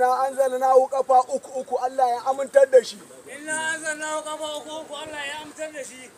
inna hu kafa uku uku Allah ya amintar da shi inna hu kafa uku uku Allah ya amintar da shi